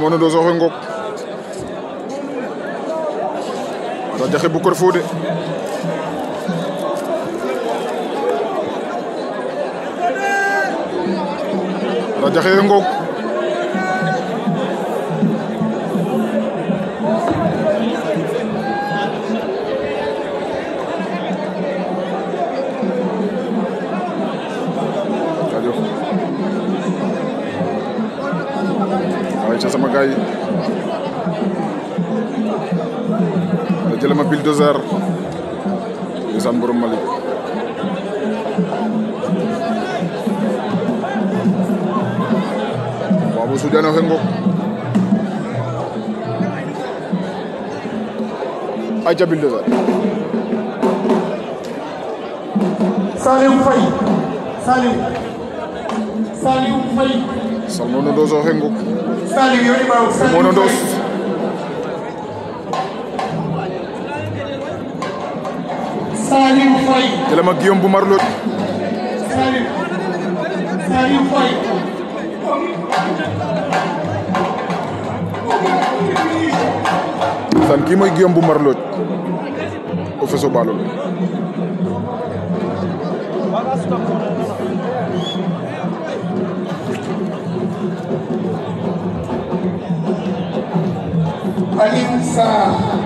mono do soxe ngok ada jaxe bukor fode ada jaxe ngok jëlee ma pile deux heures ndeysaan borom Mali Babou Soudiane oxe ngok aca pile deux heures Saliou Faye Saliou Saliou Faye Saliou Faye. Téléma Guillaume bu Marlo. Saliou. Saliou Faye. san kii mooy Guillaume bu Marlo. o feso baalo la. Alioune Sarr.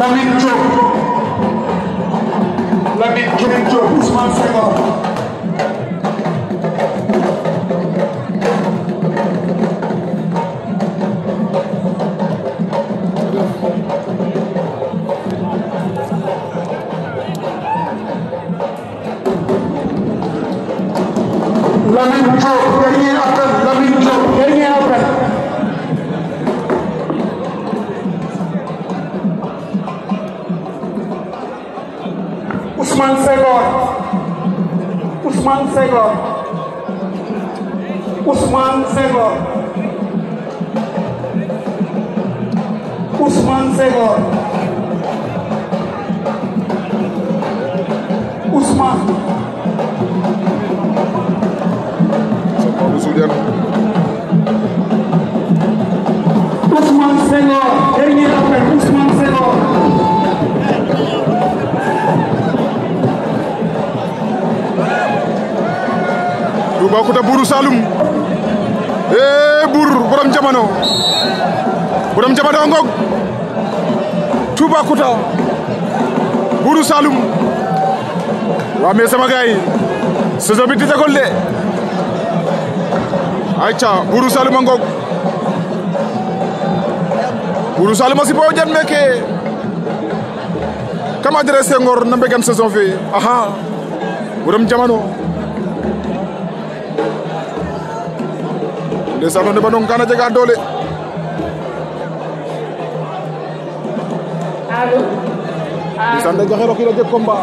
Lamin Job. Lamin King Job, this man singer. Lamin Job, Lamin Job, Lamin Job, Usman Segor Usman Segor Usman Segor Usman Segor Usman Usman Toubacouta buuru Saloum ee eh, buur borom jamono borom jamono ngog Toubacouta buuru Saloum waa mais sama gaay saison bi tijagul de ayca buuru Saloum a ngog buuru Saloum a si boo jan meke kam adressé ngor na mbegan saison fe aha borom jamono ndeysaan noonu ba Ndonkane jegaat doole ndeysaan da joxe Rocky la jeg combat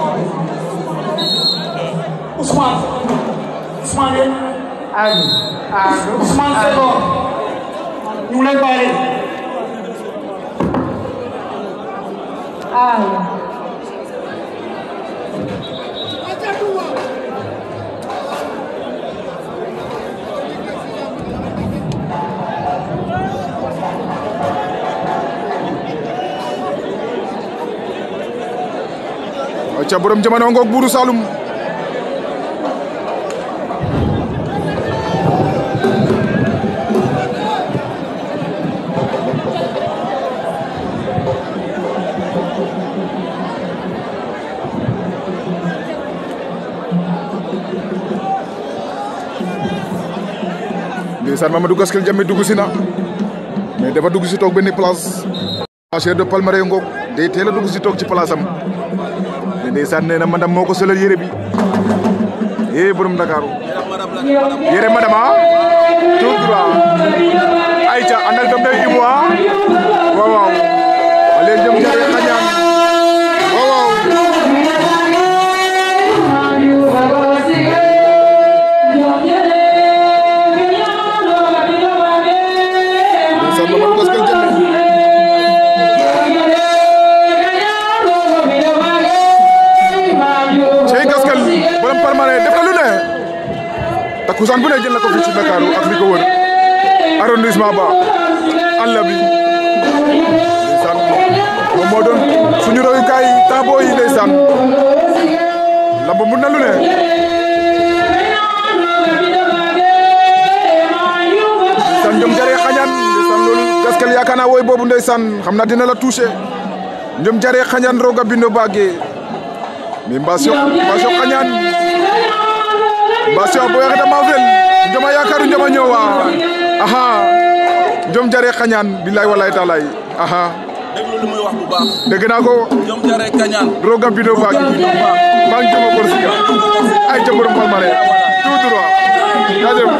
Ousmane Ousmane Aliou Aliou Ousmane Senghor ñu lay baale Aliou ca borom jamono ngoog buuru Saloum ndeysaan Mamadou Gaskel Jammeh dugg si mais dafa dugg si toog benn place. marché de palmaré ngok day téla dugg ci place am ndeysaan nee na madame moo ko solal yére bi eh borom Ndakaaru yére madame ah tout droit ayca àndal doom day Ibou ah. kusaan bu ne jël na ko fii ci Ndakaaru ak li ko wër arrondissement ba àll bi ndeysaan moom moo doon suñu royukaay taaboo yi ndeysaan lamb mun na lu ne ndeysaan ñoom jaree xañaan ndeysaan loolu gaskal yaakaar naa boobu ndeysaan xam naa dina jaree xañaan rooga bindo baage mais mbaa sox xañaan basio bo yaxata ma fel njoma yakaru njoma ñowa aha njom jare xañaan billahi wallahi taalaay aha déglu lu muy wax bu baax dégg naa ko njom jare xañaan roga bido faak maa ngi joma kor siga ay jaborom palmarès tout droit jaajëf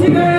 Thank you.